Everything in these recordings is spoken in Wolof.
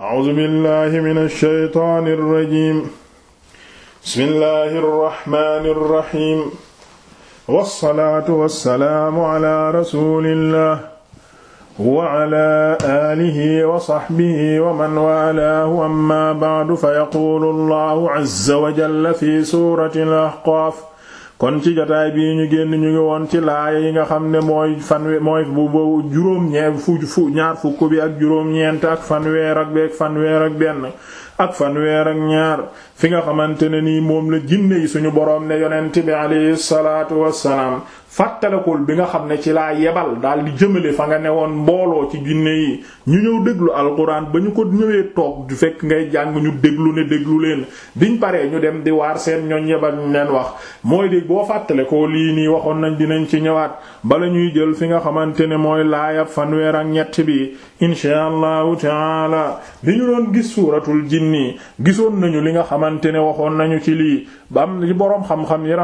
A'uuzu billaahi mina shaytaani rajiim. Bismillaahi rahmaani rahiim. Wassalaatu wassalaamu alaa rasuulillaah wa alaa aalihi wa sahbihi wa man waalaahu ammaa ba'du fayaquulu Allaahu azza wa jalla fi suuratil Ahqaaf kon ci jataay bii ñu génn ñu ngi woon ci laaya yi nga xam ne mooy fanwe mooy bu boobu juróom-ñeent fu ñaar fukk bi ak juróom-ñeent ak fanweer ak beeg benn ak fanweer ak ñaar fi nga xamante ne nii moom la jinne yi suñu boroom ne yonent bi alayhi salaatu wassalaam fàttalekul bi nga xam ne ci laa yebal daal di jëmale fa nga ne woon mbooloo ci jinne yi ñu ñëw déglu alxuraan ba ñu ko ñëwee toog du fekk ngay jàng ñu déglu ne déglu leen diñ paree ñu dem di waar seen ñoñ yebal ñu leen wax mooy dégg boo fàttalekoo lii nii waxoon nañ dinañ ci ñëwaat bala ñuy jël fi nga xamante ne mooy laayab fanweer ak ñett bi insha allahu taala bi ñu doon gis suuratul jinni gisoon nañu li nga xamante ne waxoon nañu ci lii ba am ci boroom xam-xam yi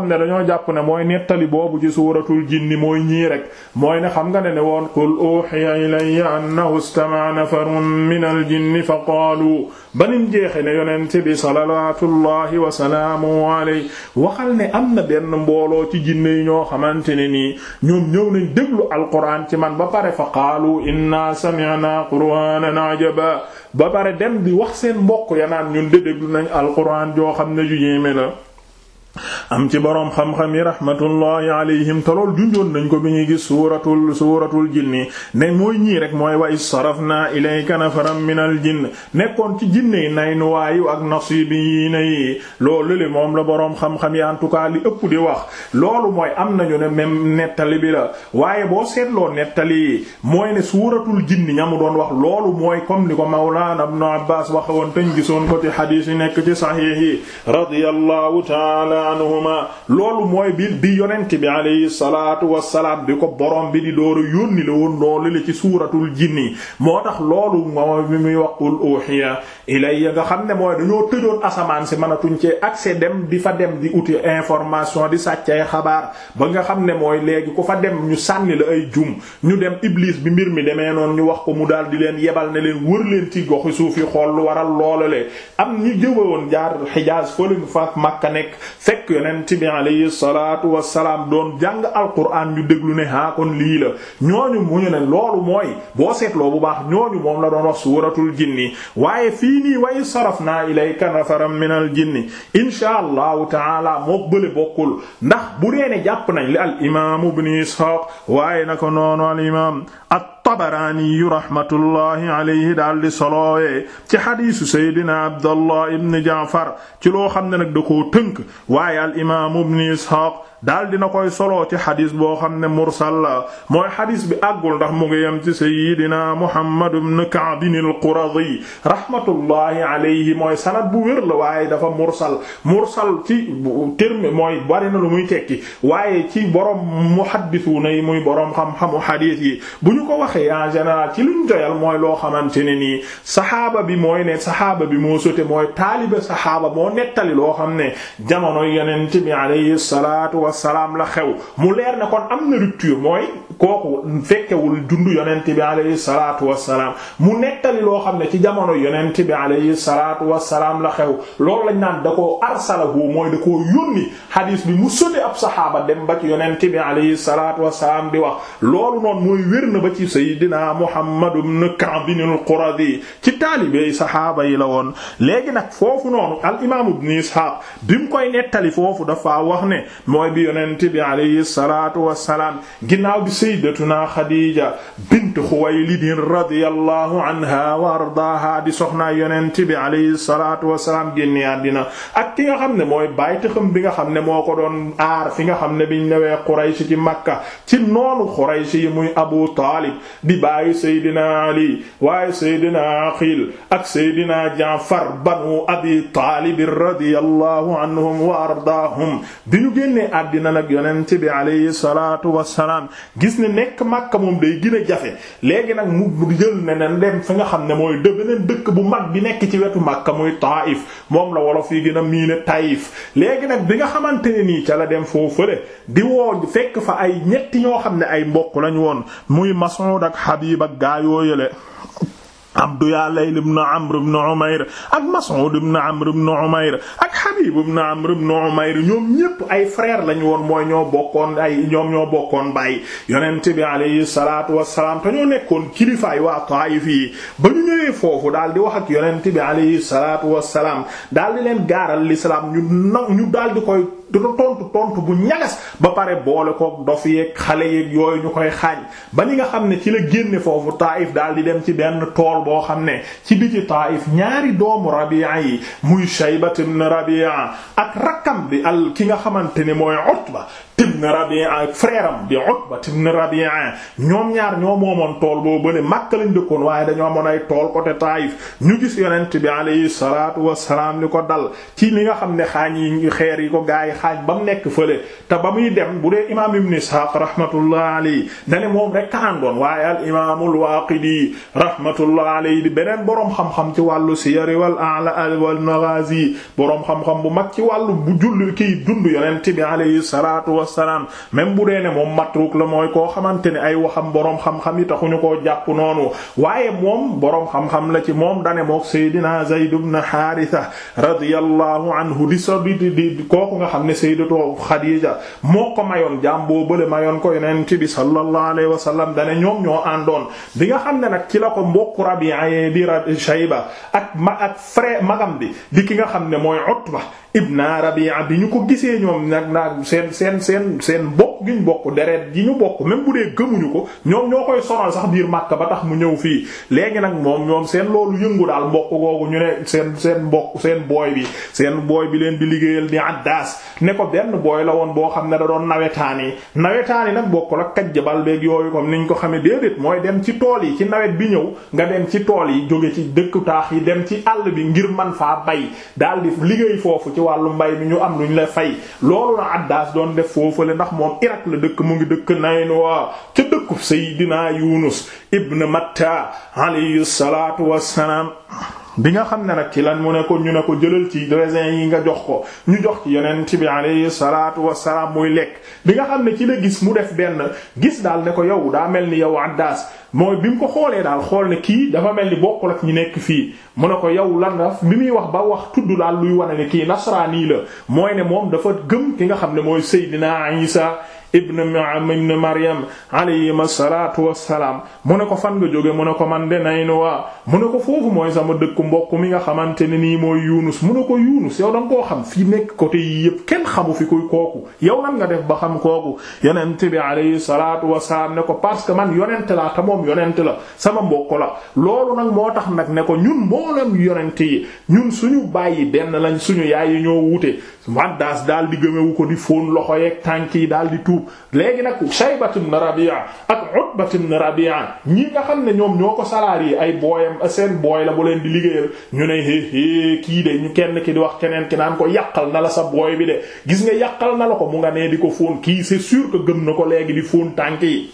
xam ne dañoo jàpp ne mooy nettali boobu ci suuratul jinni mooy ñii rek mooy xam nga ne ne woon qul uhiya ilayya annahu istama'a nafarun min al-jinni fa qaalu banim jeexe ne yonent bi salawatullahi wa salaamu alayhi waxal ne am na benn mbooloo ci jinne yi ñoo xamante ne nii ñoom ñëw nañ déglu alquran ci man ba pare fa qaalu inna sami'na qur'aanan ajaba ba pare dem di wax seen mbokk ya naan ñun de déglu nañ alquran joo xam ne ju yéeme am ci boroom xam-xam yi rahmatullahi alayhim te lool junjoon nañ ko bi ñuy gis suuratul suuratul jinni ne mooy ñii rek mooy wa sarafna ilayka nafaran minal jinn nekkoon ci jinne yi nay nuwaayu ak nasibiina yi loolu li moom la boroom xam-xam yi en tout cas li ëpp di wax loolu mooy am nañu ne nettali bi la waaye boo seetloo nettali mooy ne suuratul jinni ñamu doon wax loolu mooy kom ni ko Mawlaana Ibnu Abbaas waxe woon teñ gisoon ko ci xadiis nekk ci saxiix radiyallahu anhuma loolu mooy bi bi yonent bi alayhi salaatu wassalaam bi ko borom bi di dooru yónni la woon loolu la ci suuratul jinni moo tax loolu moo bi muy waqul uhiya ilayya nga xam ne mooy dañoo tëjoon asamaan si manatuñ cee accès dem di fa dem di uti information di sàccay xabaar ba nga xam ne mooy léegi ku fa dem ñu sànni la ay jum ñu dem iblis bi mbir mi demee noonu ñu wax ko mu daal di leen yebal na leen wër leen ci goxi suuf yi xool lu waral loolale am ñu jëwoon jaar Hijaaz fa Makka nekk fekk yonent bi alayhi salaatu wassalaam doon jàng alquran ñu déglu ne haa kon lii la ñooñu mu ñu ne loolu mooy boo seetloo bu baax ñooñu moom la doon wax suuratul jinni waaye fii nii way sarafnaa ilayka nafaram minal jinni insha allahu taala moo bële bokkul ndax bu dee nañ li al imaamu ibn Isxaaq waaye na ko noonu al imaam tabaraaniyu rahmatullahi alayhi daal di solowee ci xadiisu saydina abdallah ibn jaafar ci loo xam ne nag da koo tënk waaye al imaamu ibn isxaaq daal dina koy soloo ci xadis boo xam ne mursal la mooy xadis bi àggul ndax mu ngi yem ci sayyidina Muhammad ibn Ka'b al-Quradi rahmatullahi alayhi mooy sanad bu wér la waaye dafa mursal mursal ci terme mooy bari na lu muy tekki waaye ci borom muhaddisuuna yi muy borom xam-xamu xadis yi bu ñu ko waxee en général ci luñ joyal mooy loo xamante ne nii saxaaba bi mooy ne saxaaba bi moo sote mooy taalibe saxaaba moo nettali loo xam ne jamono yonent bi alayhi salaatu wasalaam la xew mu leer ne kon am na rupture mooy kooku fekkewul dundu yonent bi alayhi salaatu wasalaam mu nettali loo xam ne ci jamono yonent bi alayhi salaatu wasalaam la xew loolu lañ naan da koo arsalahu mooy da koo yónni hadis bi mu sële ab saxaaba dem ba ci yonent bi alayhi salaatu wasalaam di wax loolu noonu mooy wér na ba ci sayyidina Muhammad ibn Ka'b al-Quradi ci taalibey saxaaba yi la woon léegi nag foofu noonu al imaam ibn Ishaq bi koy nettali foofu dafa wax ne mooy bi yonent bi alayhi salaatu wassalaam ginnaaw bi sayyidatuna Xadiija bint Xuwaylid radiyallahu anha wa ardaaha di soxnaa yonent bi alayhi salaatu wassalaam génne àddina ak ki nga xam ne mooy bàytaxam bi nga xam ne moo ko doon aar fi nga xam ne biñ newee Quraysh ci Makka ci noonu Quraysh yi muy Abu Taalib di bàyyi Seydina Ali waaye Seydina Aqil ak Seydina Jaafar banu Abi Taalib radiyallahu anhum wa ardaahum bi ñu génnee àddina nag yonent bi alayhi salaatu wassalaam gis ne nekk Makka moom day gën jafe léegi nag mu jël ne nen dem fi nga xam ne mooy de beneen dëkk bu mag bi nekk ci wetu Makka muy Taif moom la wolof yi gën a miine Taif léegi nag bi nga xamante nii ca la dem foofu fële di woo fekk fa ay ñetti ñoo xam ne ay mbokk lañu woon muy Mas'ud ak Habib ak gaayoo yële Abdu Yaa Layl ibn Amr ibn Umayr ak Mas'ud ibn Amr ibn Umayr Shuayb ibn Amr ibn Umayr ñoom ñépp ay frère lañ woon mooy ñoo bokkoon ay ñoom ñoo bokkoon bàyyi yonent bi alayhi salaatu wassalaam te ñoo nekkoon kilifaay waa Taayif yi ba ñu ñëwee foofu daal di wax ak yonent bi alayhi salaatu wassalaam daal di leen gaaral li ñu na ñu daal di koy tontu tontu bu ñagas ba pare boole koog dof yeeg xale yeeg yooyu ñu koy xaañ ba ni nga xam ne ci la génne foofu Taayif daal di dem ci benn tool boo xam ne ci biti Taayif ñaari doomu Rabi'a yi muy Shaybat na Rabi'a ak rakkam bi al ki nga xamante ne mooy Utba ibn Rabi'a frère am di Utba ibn Rabi'a ñoom ñaar ñoo moomoon tool boo bële Makka lañ dëkkoon waaye dañoo amoon ay tool côté Taayif ñu gis yonent bi alayhi salaatu wassalaam li ko dal ci li nga xam ne xaañ yi xeer yi ko gaa yi xaañ ba mu nekk fële te ba muy dem bu dee imaam Ibn Ishaq rahmatullah alayhi dane moom rek ka àndoon waaye al imaamul Waaqidi rahmatullah alayhi di beneen boroom xam-xam ci wàllu siyar wal a'la wal maghazi boroom xam-xam bu mag ci wàllu bu julli wassalaam même bu dee ne moom matruk la mooy koo xamante ne ay waxam boroom xam-xam yi taxuñu koo jàpp noonu waaye moom boroom xam-xam la ci moom dane mook Seydina Zayd ibn Haritha radiyallahu anhu di sa di ko kooku nga xam ne Sayyidatu Khadija moo ko mayoon jaam boo bële mayoon ko yonent bi sallallahu alayhi wa sallam dane ñoom ñoo àndoon bi nga xam ne nak ci la ko mbokku Rabi'a di Shayba ak ma ak frère magam bi di ki nga xam ne mooy Utba ibn Rabi'a bi ñu ko gisee seen seen bokk gi ñu bokk deret gi ñu bokk même bu dee gëmuñu ko ñoom ñoo koy sonal sax biir Makka ba tax mu ñëw fii léegi nag moom ñoom seen loolu yëngu daal mbokk googu ñu ne seen seen mbokk seen booy bi seen booy bi leen di liggéeyal di addaas ne ko benn booy la woon boo xam ne da doon nawetaan yi nawetaan yi nag bokk la kajjabal beeg yooyu comme niñ ko xamee déedéet mooy dem ci tool yi ci nawet bi ñëw nga dem ci tool yi jóge ci dëkku taax yi dem ci àll bi ngir man faa bay daal di liggéey foofu ci wàllu mbay ñu am luñ la fay Irak la dëkk mu ngi dëkk Naynuwa ca dëkku Seydina Yunus ibn Matta alayhi salaatu wassalaam bi nga xam ne nag ci la mu ne ko ñu ne ko jëlal ci raisin yi nga jox ko ñu jox ci yonent bi alayhi salaatu wassalaam muy lekk bi nga xam ne ci la gis mu def benn gis daal ne ko yow daa mel ni yow Addaas mooy bi mu ko xoolee daal xool ne kii dafa mel ni bokk ak ñi nekk fii mu ne ko yow lan la bi muy wax ba wax tudd daal luy wane ne kii nasraani la mooy ne ki ibn Maam ibn Maryam alayhim asalaatu wassalaam mu ne ko fan nga jóge mu ne ko man de Naynuwa mu ne ko foofu mooy sama dëkku mbokk mi nga xamante ne nii mooy Yunus mu ne ko Yunus yow danga koo xam fii nekk côté yii yëpp kenn xamu fi kuy kooku yow nan nga def ba xam kooku yonent bi alayhi salaatu wassalaam ne ko parce que man yonent laa te moom yonent la sama mbokk la loolu nag moo tax nag ne ko ñun mboolem yonent yi ñun suñu bàyyi benn lañ suñu yaay yi ñoo wute man daas daal di gëmewu ko di fóon loxo yeeg tànk yi daal di tuub tuub léegi nag Shaybat ibn Rabi'a ak Utbat ibn Rabi'a ñi nga xam ne ñoom ñoo ko yi ay booyam seen booy la bu leen di liggéeyal ñu ne héehée kii de ñu kenn ki di wax keneen ki naan ko yàqal na la sa booy bi de gis nga yàqal na la ko mu nga nee di ko fóon kii c'est sûr que gëm na ko léegi di fóon tànk yi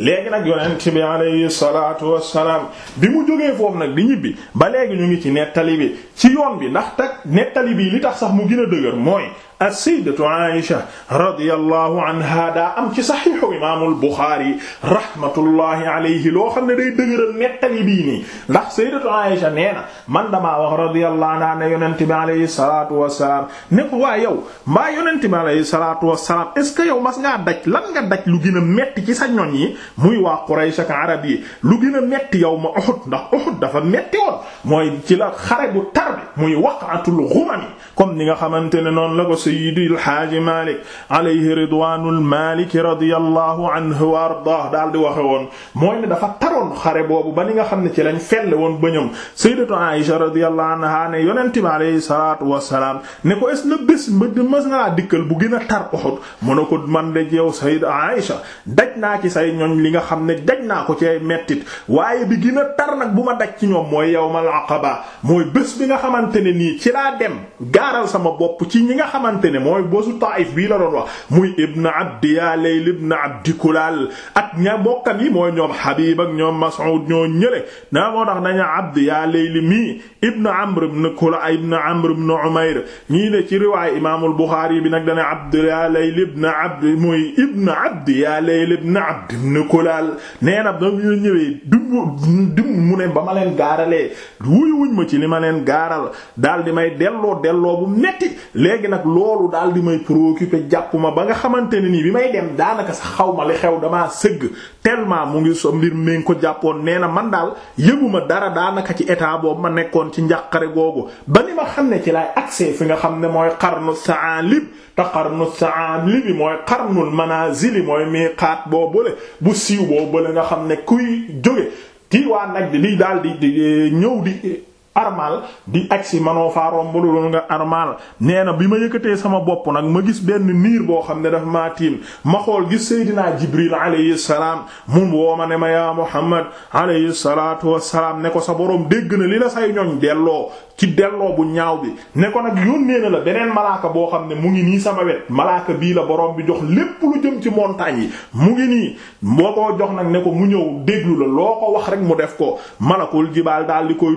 léegi nag yonent bi alayhi salaatu wassalaam bi mu jógee foofu nag bi ñibbi ba léegi ñu ngi ci nettali bi ci yoon bi ndax tag nettali bi li tax sax mu gën a dëgër mooy as-sayyidatu Aisha radiyallahu anha daa am ci saxiixu imaamul Buxaari rahmatullahi alayhi loo xam ne day dëgëral nettali bii nii ndax sayyidatu Aisha nee na man damaa wax radiyallahu anha ne yonent bi alayhi salaatu wassalaam ne ko waa yow mbaa yonent bi alayhi salaatu wassalaam est ce que yow mas ngaa daj lan nga daj lu gën a metti ci sa ñoñ yi muy waa Quraysh ak arab yi lu gën a metti yow ma Uhud ndax Uhud dafa metti woon mooy ci la xare bu tar bi muy waqatul ghumam comme ni nga xamante ne noonu la ko Sayyidul Haaji Malik alayhi ridwanul Malik radiyallahu anhu wa ardaah daal di waxe woon mooy ne dafa taroon xare boobu ba ni nga xam ne ci lañ felle woon bëñam Sayyidatu Aisha radiyallahu anha ne yonent bi alayhi salaatu wassalaam ne ko est-ce que bés mbëdd mas na laa dikkal bu gën a tar Uhud mu ne ko man de yow Sayyida Aisha daj naa ci say ñoñ ñooñ li nga xam ne daj naa ko ci mettit waaye bi gën a tar nag bu ma daj ci ñoom mooy yawmal aqaba mooy bés bi nga xamante ne nii ci laa dem gaaral sama bopp ci ñi nga xamante ne mooy bosu Taayif bii la doon wax muy ibn abdi yaa layl ibn abdi kulaal ak ña bokkam yi mooy ñoom Habib ak ñoom Mas'ud ñoo ñële naa moo tax dañu abdi yaa layl mii ibn amr ibn kula ibn amr ibn umayr ñii ne ci riwaay imaamul Buxaari bi nag dana abdi yaa layl ibn abdi mooy ibn abdi yaa layl ibn abdi le kolaal nee na ba mu ñëwee dum dum mu ne ba ma leen gaaralee wuy wuñ ma ci li ma leen gaaral daal di may delloo delloo bu metti léegi nag loolu daal di may préoccupé jàpp ba nga xamante ne nii bi may dem daanaka sa xaw ma li xew damaa sëgg tellement mu ngi so mbir mi ko jàppoon nee na man daal yëguma dara daanaka ci état boobu ma nekkoon ci njàqare googu ba ni ma xam ne ci laay accès fi nga xam ne mooy xarnu sa'alib te xarnu sa'alib mooy xarnul manazili bu siiw boobu ba nga xam ne kuy jóge tiiwaan nag di daal di ñëw di armal di agsi manoo faa romb loolu nga armal nee na bi ma yëkkatee sama bopp nag ma gis benn niir boo xam ne dafa maa tiim ma xool gis Seydina Jibril alayhi salaam mun woo ma ne ma yaa Muhammad alayhi salaatu salaam ne ko sa boroom dégg na li la say ñoñ delloo ci delloo bu ñaaw bi ne ko nag yónnee na la beneen malaaka boo xam ne mu ngi nii sama wet malaaka bii la boroom bi jox lépp lu jëm ci montagne yi mu ngi nii moo ko jox nag ne ko mu ñëw déglu loo ko wax rek mu def ko malakul jibaal daal di koy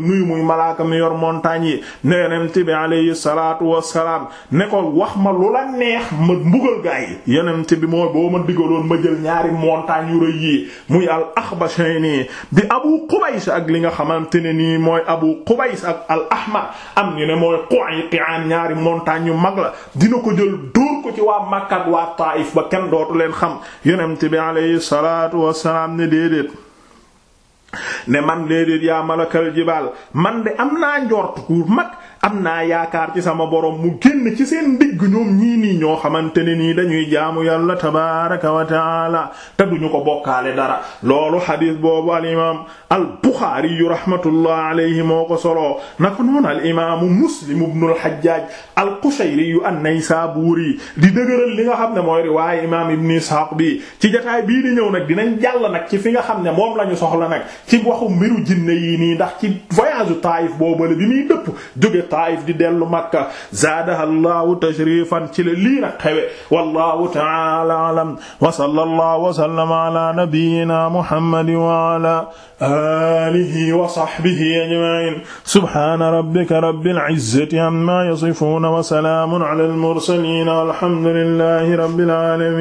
malaaka mi yor montagne yi ne yonent bi alayhi salaatu wassalaam ne ko wax ma lu la neex ma mbugal gaa yi yonent bi mooy boo ma digaloon ma jël ñaari montagne yu rëy yi muy al axbashayni bi abu qubays ak li nga xamante ne nii mooy abu qubays ak al ahmar am ñu ne mooy Qayqi'an ñaari montagne yu mag la dina ko jël dóor ko ci waa Makka ak waa Taif ba kenn dootu leen xam yonent bi alayhi salaatu wassalaam ne déedéet ne man déedéet yaa malakal jibaal man de am naa njort ku mag am naa yaakaar ci sama borom mu génn ci seen ndigg ñoom ñii nii ñoo xamante ne nii dañuy jaamu yàlla tabaaraka wa taala te duñu ko bokkaale dara loolu xadiis boobu al imaam al buxaari yu rahmatullah alayhi moo ko soloo naka noonu al imaamu muslim ibnul xajjaaj al qushayri yu an-naysaabuuri di dëgëral li nga xam ne mooy riwaaye imaam ibn isxaaq bi ci jotaay bii di ñëw nag dinañ jàll nag ci fi nga xam ne moom lañu ñu soxla nag ci waxu mbiru jinne yi nii ndax ci voyage Taayif boobale bi muy dëpp jóge Taayif di dellu Makka zaadaha Allahu tashrifan ci la lii nag xewe wallahu ta'ala a'lam wa sallallahu wa sallama ala nabiyyina Muhammad wa ala alihi wa sahbihi ajma'in subhana rabbika rabbil izzati amma yasifun wa salamun ala al mursalin walhamdulillahi rabbil alamin